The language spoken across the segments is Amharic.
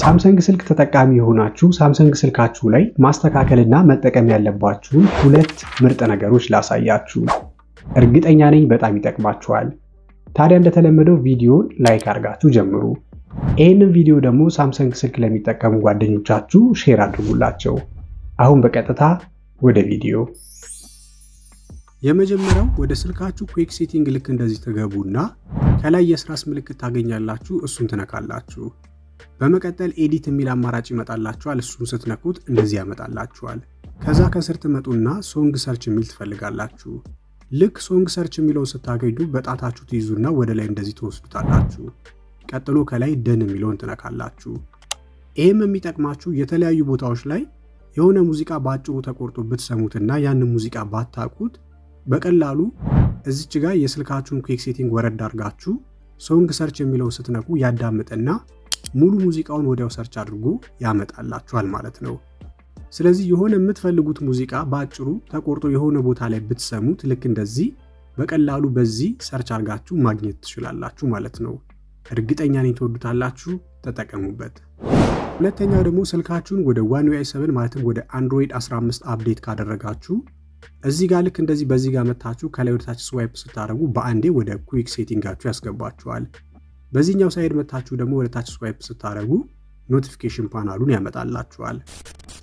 ሳምሰንግ ስልክ ተጠቃሚ የሆናችሁ ሳምሰንግ ስልካችሁ ላይ ማስተካከልና መጠቀም ያለባችሁን ሁለት ምርጥ ነገሮች ላሳያችሁ። እርግጠኛ ነኝ በጣም ይጠቅማችኋል። ታዲያ እንደተለመደው ቪዲዮን ላይክ አድርጋችሁ ጀምሩ። ይህንን ቪዲዮ ደግሞ ሳምሰንግ ስልክ ለሚጠቀሙ ጓደኞቻችሁ ሼር አድርጉላቸው። አሁን በቀጥታ ወደ ቪዲዮ። የመጀመሪያው ወደ ስልካችሁ ኩክ ሴቲንግ ልክ እንደዚህ ትገቡና ከላይ የስራስ ምልክት ታገኛላችሁ። እሱን ትነካላችሁ። በመቀጠል ኤዲት የሚል አማራጭ ይመጣላችኋል። እሱን ስትነኩት እንደዚህ ያመጣላችኋል። ከዛ ከስር ትመጡና ሶንግ ሰርች የሚል ትፈልጋላችሁ። ልክ ሶንግ ሰርች የሚለውን ስታገኙ በጣታችሁ ትይዙና ወደ ላይ እንደዚህ ትወስዱታላችሁ። ቀጥሎ ከላይ ደን የሚለውን ትነካላችሁ። ይህም የሚጠቅማችሁ የተለያዩ ቦታዎች ላይ የሆነ ሙዚቃ በአጭሩ ተቆርጦ ብትሰሙትና ያንን ሙዚቃ ባታቁት በቀላሉ እዚች ጋር የስልካችሁን ኩክ ሴቲንግ ወረድ አድርጋችሁ ሶንግ ሰርች የሚለውን ስትነኩ ያዳምጥና ሙሉ ሙዚቃውን ወዲያው ሰርች አድርጉ ያመጣላችኋል ማለት ነው። ስለዚህ የሆነ የምትፈልጉት ሙዚቃ በአጭሩ ተቆርጦ የሆነ ቦታ ላይ ብትሰሙት ልክ እንደዚህ በቀላሉ በዚህ ሰርች አድርጋችሁ ማግኘት ትችላላችሁ ማለት ነው። እርግጠኛ ነኝ ትወዱታላችሁ፣ ተጠቀሙበት። ሁለተኛው ደግሞ ስልካችሁን ወደ ዋን ዩአይ 7 ማለትም ወደ አንድሮይድ 15 አፕዴት ካደረጋችሁ እዚህ ጋር ልክ እንደዚህ በዚህ ጋር መታችሁ ከላይ ወደታች ስዋይፕ ስታደርጉ በአንዴ ወደ ኩዊክ ሴቲንጋችሁ ያስገባችኋል። በዚህኛው ሳይድ መታችሁ ደግሞ ወደ ታች ስዋይፕ ስታደረጉ ኖቲፊኬሽን ፓናሉን ያመጣላችኋል።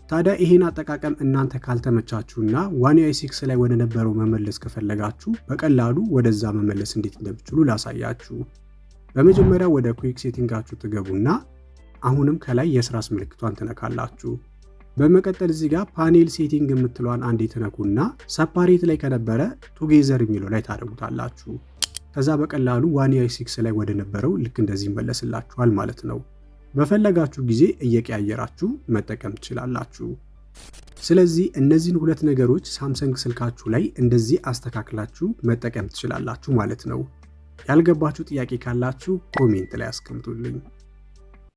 ታዲያ ይህን አጠቃቀም እናንተ ካልተመቻችሁና ዋን ዩአይ ሲክስ ላይ ወደ ነበረው መመለስ ከፈለጋችሁ በቀላሉ ወደዛ መመለስ እንዴት እንደምችሉ ላሳያችሁ። በመጀመሪያ ወደ ኩዊክ ሴቲንጋችሁ ትገቡና አሁንም ከላይ የስራስ ምልክቷን ትነካላችሁ። በመቀጠል እዚህ ጋር ፓኔል ሴቲንግ የምትለዋን አንዴ ትነኩና ሰፓሬት ላይ ከነበረ ቱጌዘር የሚለው ላይ ታደርጉታላችሁ። ከዛ በቀላሉ ዋን ሲክስ ላይ ወደ ነበረው ልክ እንደዚህ ይመለስላችኋል ማለት ነው። በፈለጋችሁ ጊዜ እየቀያየራችሁ መጠቀም ትችላላችሁ። ስለዚህ እነዚህን ሁለት ነገሮች ሳምሰንግ ስልካችሁ ላይ እንደዚህ አስተካክላችሁ መጠቀም ትችላላችሁ ማለት ነው። ያልገባችሁ ጥያቄ ካላችሁ ኮሜንት ላይ አስቀምጡልኝ።